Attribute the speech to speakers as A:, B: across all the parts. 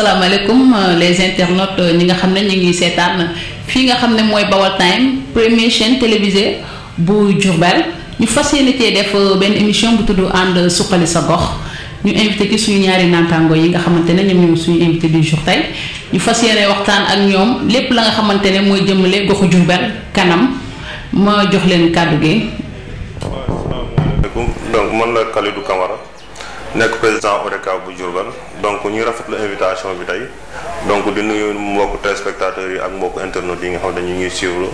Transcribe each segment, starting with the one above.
A: salaamaaleykum euh, les internautes euh, ñi nga xam ne ñu ngi seetaan fii nga xam ne mooy Baol Time première chaîne télévisée bu Diourbel ñu fas yéene cee def euh, benn émission bu tudd ànd suqali sa gox ñu invité ci suñu ñaari naataango yi nga xamante ne ñoom ñoom suñu invité du jour ñu fas yéene waxtaan ak ñoom lépp la xamante ne mooy jëmale goxu Diourbel kanam ma jox leen kàddu gi.
B: donc man la Kalidou Camara nekk président ODCAV bu Diourbel. donc ñuy rafetlu invitation bi tey donc di nuyu mbokk téléspectateurs yi ak mbokk internautes yi nga xam dañu ñuy suivre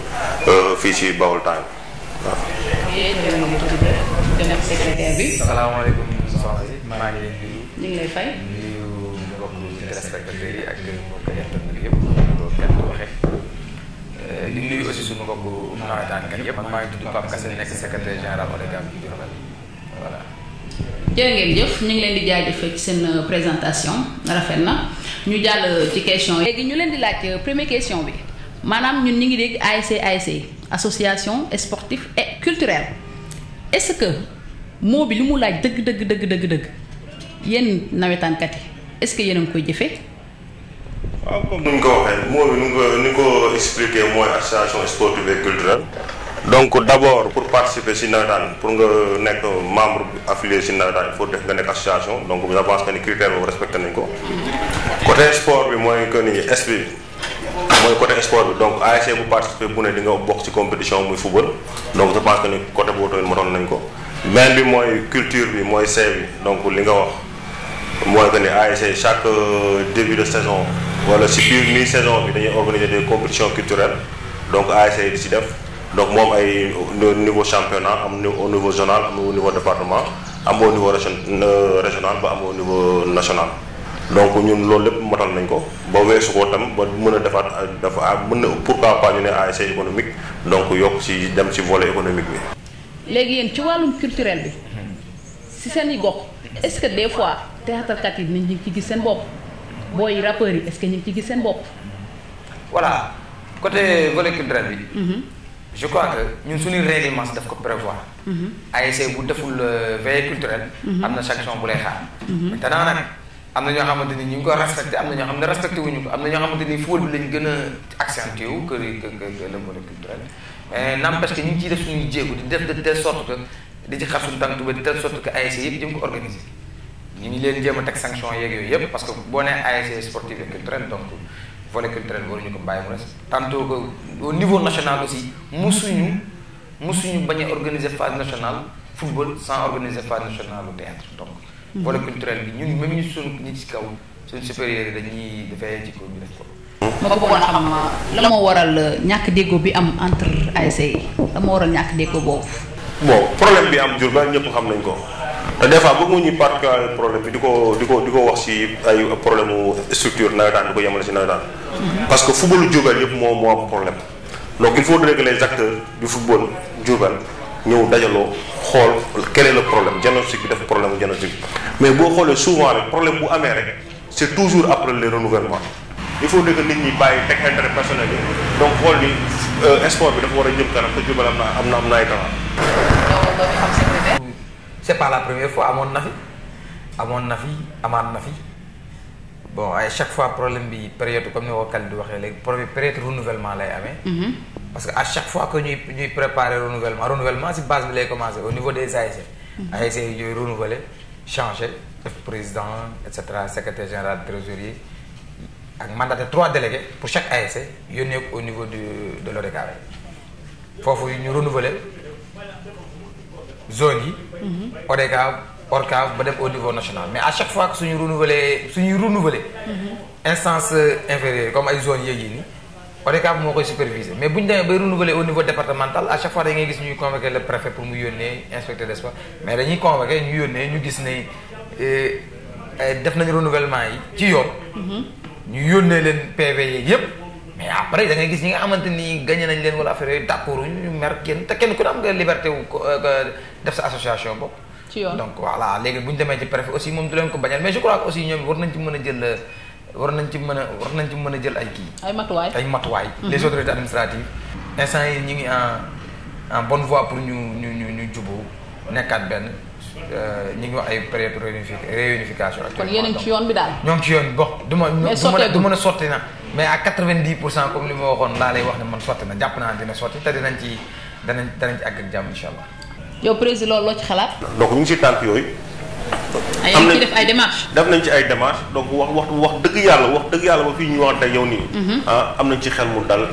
B: euh, fii ci Baol Time waaw. si maa ngi leen di ngi lay
C: ak mbokk internautes yëpp loolu kenn du
B: waxee. di
A: jërë ngeen jëf ñu ngi leen di jaajëfee ci seen euh, présentation rafet na ñu jàll euh, ci question léegi ñu leen di laaj euh, première question bi maanaam ñun ñu ngi dégg ASC ASC association sportive et culturelle est-ce que moo bi li mu laaj dëgg dëgg dëgg dëgg dëgg yéen yi est-ce que yéen a ngi koy jëfee.
B: waaw comme ni ñu ko waxee moo bi ni ñu ko ni ñu ko expliqué mooy association sportive et culturelle. donc d' abord pour participer si nawetaan pour nga nekk membre affilié si nawetaan il faut def nga nekk association donc je pense que ni critère ko. côté sport bi mooy que ni SP mooy côté sport bi donc ASC bu participer bu ne di nga bokk ci compétition muy football donc je pense que ni côté boobu tamit motoon nañ ko. beneen bi mooy culture bi mooy say bi donc li nga wax mooy que ni ASC chaque euh, début de saison wala si biir mi saison bi dañuy organiser des compétitions culturelles donc ASC di si def. donc moom ay niveau championnat am au niveau zonal am au niveau département am au niveau euh, régional ba am au niveau national donc ñun loolu lépp matal nañ ko ba weesu ko tam ba mën a defaat dafa ah, mën na pourquoi pas ñu ne ASC économique donc yokk ci dem ci volet économique bi.
A: léegi yéen ci wàllum culturel bi si seen i gox est-ce que des fois théâtrekat yi nit ñi ci gis seen bopp booy rappeurs yi est-ce que ñu ngi ci gis seen bopp.
C: voilà côté volet culturel bi. Mm-hmm. je crois que ñun suñuy règlement daf ko prévoir. Mhm. ASC bu deful euh, veille culturelle. Mhm. am na sanction bu lay xaar. Mhm. maintenant nag am na ñoo xamante ni ñu ngi ko respecté am na ñoo xam ne respecté wuñu ko am na ñoo xamante ni football bi lañ gën a accentué wu que que que le volet culturel mais euh, n'empêche que ñu ngi def suñuy jéego di def de telle sorte que di ci xar suñu tànk ba de telle sorte que ASC yëpp jëm ko organiser ñu ngi leen jéem teg sanction yooyu volet culturel waruñu ko bàyyi mu res tantôt que au niveau national aussi musuñu musuñu bañ a organiser phase nationale football sans organiser phase nationale au théâtre donc volet mm-hmm. culturel bi ñun même ñu suñu ñi ci kaw suñu supérieurs yi dañuy dafay ci ko ñu def ko ma bëggoon xam euh, la moo
A: waral euh, ñàkk déggoo bi am entre ASC e yi la moo waral ñàkk déggoo boobu
C: bon
B: problème bi am Diourbel ñëpp xam nañ ko te des fois bëgguñu particulier problème bi di ko di ko wax si ay problème mu structure nawetaan di ko yemale si nawetaan. Mhm. parce que footballu Diourbel yëpp moo moo am problème. donc il faudrait que les acteurs du football Diourbel ñëw dajaloo xool quel est le problème diagnostic bi def problème diagnostic mais boo xoolee souvent rek bu amee rek c' est toujours après le renouvellement. il faut que ñi bàyyi teg intérêt personnel yi donc xool ni euh, sport bi dafa war a jëm kanam te Diourbel am na am na am na ay talent.
C: c'est pas la première fois amoon na fi amoon na fi amaan na fi bon à chaque fois problème bi période comme ni ko Khalid di waxee léegi problème période renouvellement lay amee. Mhm. parce que à chaque fois que ñuy ñuy préparer renouvellement renouvellement si base bi lay commencer au niveau des ASC. E. Mhm. ASC e yi ñooy changer def président et cetera secrétaire général trésorier ak mandat trois délégués pour chaque ASC e yónnee ko au niveau du de l'ODCAV foofu ñu renouveler. zone yi. Mhm. ODCAV ORCAV ba dem au niveau national mais à chaque fois que suñu su suñuy renouveler. Mhm. instance euh, inférieure comme ay zone yeeg yi nii ODCAV moo koy superviser mais bu ñu demee bay renouveler au niveau départemental à chaque fois da ngay gis ñuy convoquer le préfet pour mu yónnee inspecteur des sports mais dañuy convoquer ñu yónnee ñu gis ne euh, def nañu renouvellement yi ci yoon. Mhm. ñu yónnee leen PV yeeg yëpp. mais après da gis ñi nga xamante ni gagné nañ leen wala affaire yooyu d'accord ñu mer génn te kenn ku ne am nga liberté wu euh, def sa association bopp. ci yoon donc voilà léegi bu ñu demee ci préfet aussi moom du leen ko bañal mais je crois a jël euh, war a war a ay kii. ay matuwaay ay matuwaay. Mhm. les autorités administratives. instant yi ñu ngi en en bonne voie pour ñu ñu ñu ñu jubóo nekkaat benn. Euh, ñu ngi wax ay pré réunification. kon yéen a ci yoon bi daal. ñoo ngi ci yoon bi bon du ma. mais du ma du sotti na. mais à quatre-vingt-dix pour cent comme li ma waxoon laa lay wax ne man sotti na jàpp naa dina sotti te dinañ ci danañ danañ ci àgg jàmm incha allah.
A: yow président loolu loo ci xalaat.
B: donc ñu si tànk yooyu. am nañ ci def ay démarches. donc wax wax wax dëgg yàlla wax dëgg yàlla ba fii ñu waxante yow nii. Mhm. ah am nañ ci xel mu dal.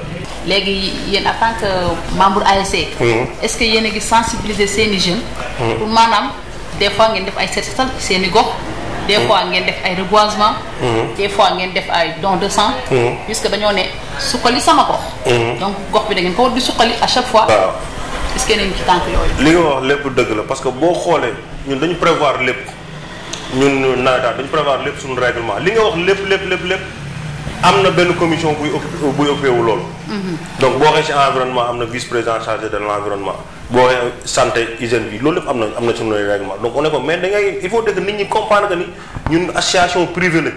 A: léegi yéen en tant que membre ASC. Mhm. est-ce que yéen a ngi sensibiliser seen mhm. pour maanaam des fois ngeen def ay seet setal seen i des fois ngeen def ay reboisement mhm. des fois ngeen def ay don de sang mhm. que dañoo ne suqali sama gox mhm. donc gox bi da ko war di suqali à chaque fois
B: li nga lépp dëgg la parce que boo xoolee ñun dañu prévoir lépp ñun nawetaan dañu prévoir lépp suñu règlement li nga wax lépp lépp lépp lépp am na benn commission buy occupé buy occupé wu loolu donc boo xee ci environnement am na vice président chargé de l'environnement boo santé hygiène bi loolu lépp am na am na suñu règlement donc on est ko mais da ngay il faut que nit ñi comprendre que ni ñun association privée la.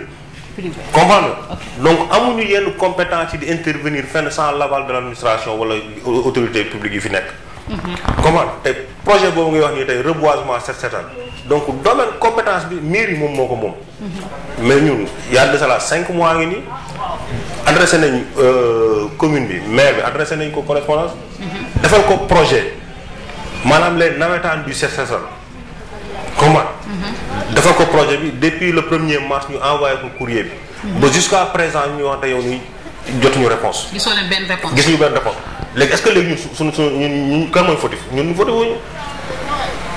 B: privée comprendre donc amuñu yenn compétence yi di intervenir fenn sans l'aval de l'administration wala autorité publique yi fi nekk. Mhm. comprendre te projet boobu ngay wax nii tey reboisement set setal donc domaine compétence bi mairie moom moo ko moom. Mhm. mais ñun y a de cela cinq mois ngi nii adressé nañ euh, commune bi maire bi adressé nañ ko correspondance. Mhm. defal ko projet. maanaam les nawetaan du Sessène comment dafa ko projet bi depuis le premier mars ñu envoyé ko courrier bi. ba jusqu'à présent ñu wax te yow nii jotuñu réponse.
A: gisoo leen benn réponse gis
B: ñu benn réponse léegi est-ce que léegi ñun suñu suñu ñun ñun kan mooy fautif ñun fautif wu ñu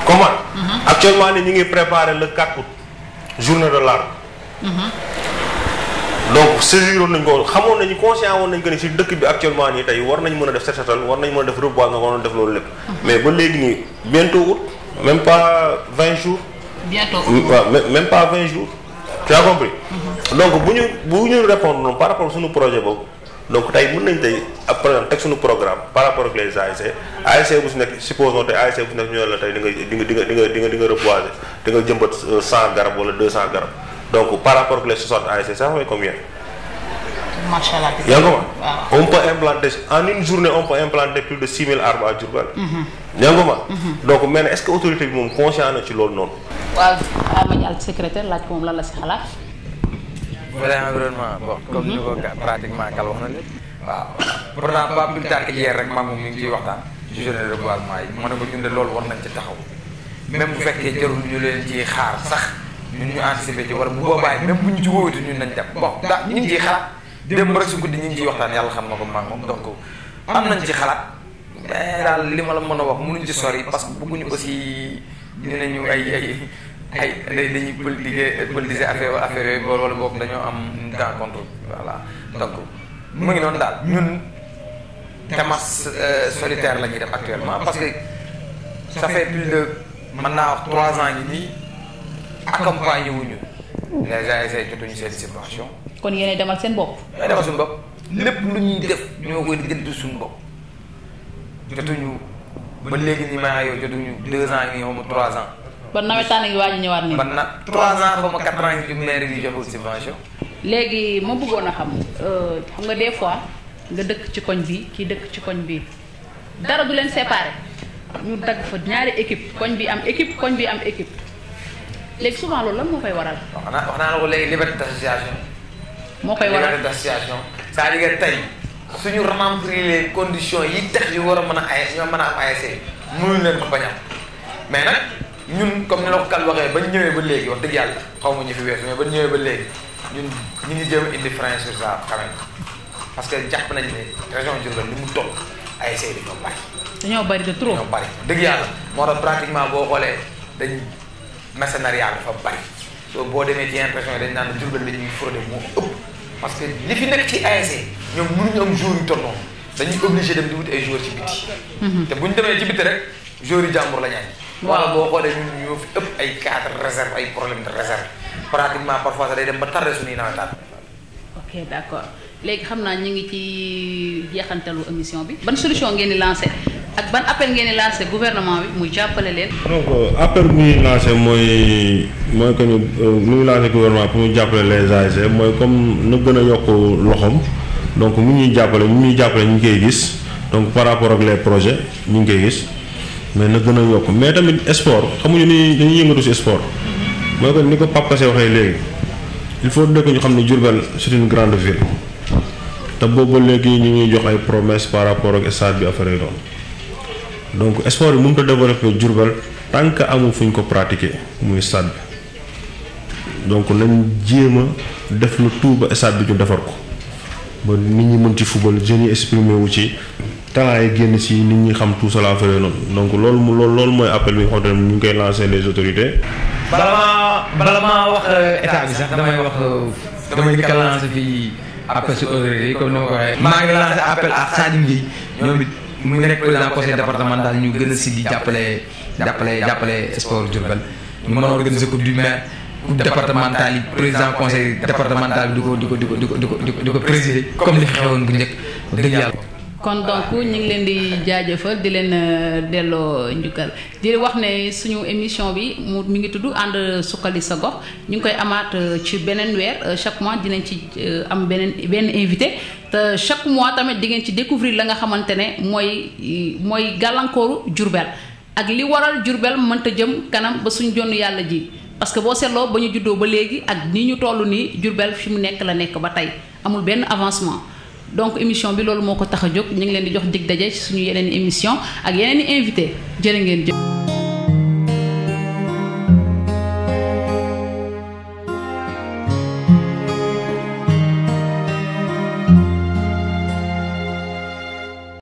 B: comment. Mhm. actuellement ni ñu ngi préparer le 4 août journée de l'arbre. Mhm. donc saisir woon nañ ko xamoon nañu conscient woon nañ que ni si dëkk bi actuellement nii tey war nañ mën a def set setal war nañ mën a def reboisement war nañ def loolu lépp. mais ba léegi nii bientôt août même pas vingt jours.
A: bientôt waaw
B: même pas vingt jours. tu as mm-hmm. donc bu ñu bu ñu répondre noonu par rapport suñu projet boobu. donc tey mën nañ tey ab par exemple teg suñu programme par rapport ak les ASC ASC bu si nekk supposons tey ASC bu si wala deux cent garab donc par rapport ak les soixante
A: macha allah yaa ngi ko ma on peut
B: implanter en une journée on peut implanter plus de six mille arbres à Diourbel. Mhm. yaa ngi ko ma mhm. donc mais est ce que autorité bi moom conscient na ci loolu noonu.
A: waaw Ama Diallo ko moom
C: loolu war nañ ci taxaw. même bu fekkee jarul ñu leen ciy xaar sax ñun ñu anticiper ci bu boobaay même bu ñu ci wóoyatu ñun nañ dem bon daa ñu xaar. démb rek su guddi ñu ngi ciy waxtaan yàlla xam na ko maa moom donc am nañ ci xalaat mais daal li ma la mën a wax mënuñ ci sori parce que bëgguñu aussi ñu ne ñu ay ay ay dañuy politiser politiser affaire affaire yooyu wala boog dañoo am temps contre voilà donc mu ngi noonu daal ñun temas euh, solitaire la ñuy def actuellement parce que ça fait plus de mën naa wax trois ans yi nii accompagné wuñu les ASC jotuñu seen subvention
A: kon yéenay demal seen bopp.
C: ñooy demal suñu bopp lépp lu ñuy def ñoo koy jënd suñu bopp jotuñu ba léegi nii maa yow jotuñu deux ans yi xaw ma trois ans. ba nawetaan ngi waaj a ñëwaat nii. ban na trois ans xaw ma quatre ans yi maire yi joxul subvention.
A: léegi ma bëggoon a xam euh, xam nga des fois nga dëkk ci koñ bi kii dëkk ci koñ bi dara du leen séparé ñu dagg fa ñaari équipe koñ bi am équipe koñ bi am équipe léegi souvent loolu lan moo koy waral.
C: wax naa wax naa
A: moo koy waral
C: d'association c'est-à-dire tey suñu remplir les conditions yi tax yu war a mën a ay ñoo man a am ASC mënuñ leen ko bañ mais nag ñun comme ni la ko kal waxee ba ñëwee ba léegi wax dëgg yàlla xaw ma ñu fi weesu mais ba ñëwee ba léegi ñun ñu ngi jëm indi frein sur ça parce que jàpp nañ ne région Diourbel li mu toll ASC dañoo bari dañoo bari de trop bari dëgg yàlla moo tax pratiquement boo xoolee dañ mercenariat dafa bari soo boo demee ci yenn région yi dañ naan Diourbel la ñuy frauder moo ëpp parce que li fi nekk ci ASC e ñoom mënuñu am joueur yu toll noonu dañuy obligé dem di wuti ay joueurs ci biti. Mhm. te bu ñu demee ci biti rek joueurs yu jàmbur la ñu am. waaw boo xoolee ñun ñoo fi ëpp ay cadre réserve ay problème de réserve pratiquement parfois sax day dem ba tardé suñuy nawetaan.
A: ok d' accord léegi xam naa ñu ngi ci jeexantalu émission bi ban solution ngeen di lancé. ak ban appel ngeen di lancé gouvernement bi mu jàppale leen.
B: donc euh, appel bu ñuy lancé mooy mooy que ñu lu euh, ñu lancé gouvernement pour mu jàppale les ASC mooy comme na gën a yokk loxoom donc mu ñuy jàppale mu ñuy jàppale ñu ngi koy gis donc par rapport ak les projets ñu ngi koy gis mais na gën a yokk mais tamit sport xamuñu ni dañuy yëngatu si sport mooy que ni ko Pape Kassé waxee léegi il faut que ñu xam ne Diourbel c'est une grande ville te boobu léegi ñu ngi jox ay promesses par rapport ak stade bi affaire donc sport bi mënut a développer Diourbel tant que amul fu ñu ko pratiquer muy stade bi donc nañ jéem a def lu tout ba stade bi ñu defar ko ba nit ñi mën ci football jeunes exprimer wu ci talent yi génn si nit ñi xam tout cela fële noonu donc loolu mu loolu mooy appel bi nga xamante ne ñu ngi koy lancer les autorités.
C: bala maa bala maa wax euh, état bi sax damay wax euh, damay njëkk a lancer fii appel si autorités maa ngi lancer appel à Sadio Ndiaye ñoom mu nekk président conseil départemental ñu gën a si di jàppale jàppale jàppale sport Diourbel ñu mën a organiser coupe du maire coupe départementale yi président conseil départemental bi di ko di ko di ko di ko di ko présider comme li fi xewoon njëkk dëgg yàlla
A: kon donc ñu ngi leen di jaajëfal di leen euh, delloo njukkal di wax ne suñu émission bi mu mi ngi tudd ànd suqali sa gox ñu ngi koy amaat euh, ci beneen weer euh, chaque mois dinañ ci am beneen benn invité te chaque mois tamit di ngeen ci découvrir la nga xamante ne mooy mooy gàllankooru Jurbel ak li waral Jurbel mënta jëm kanam ba suñu jonn yàlla ji parce que boo seetloo ba ñu juddoo ba léegi ak ni ñu toll nii Jurbel fi mu nekk la nekk ba tey amul benn avancement donc émission bi loolu moo ko tax a jóg ñu ngi leen di jox dig daje ci suñu yeneen i émission ak yeneen i invité jërë ngeen jëf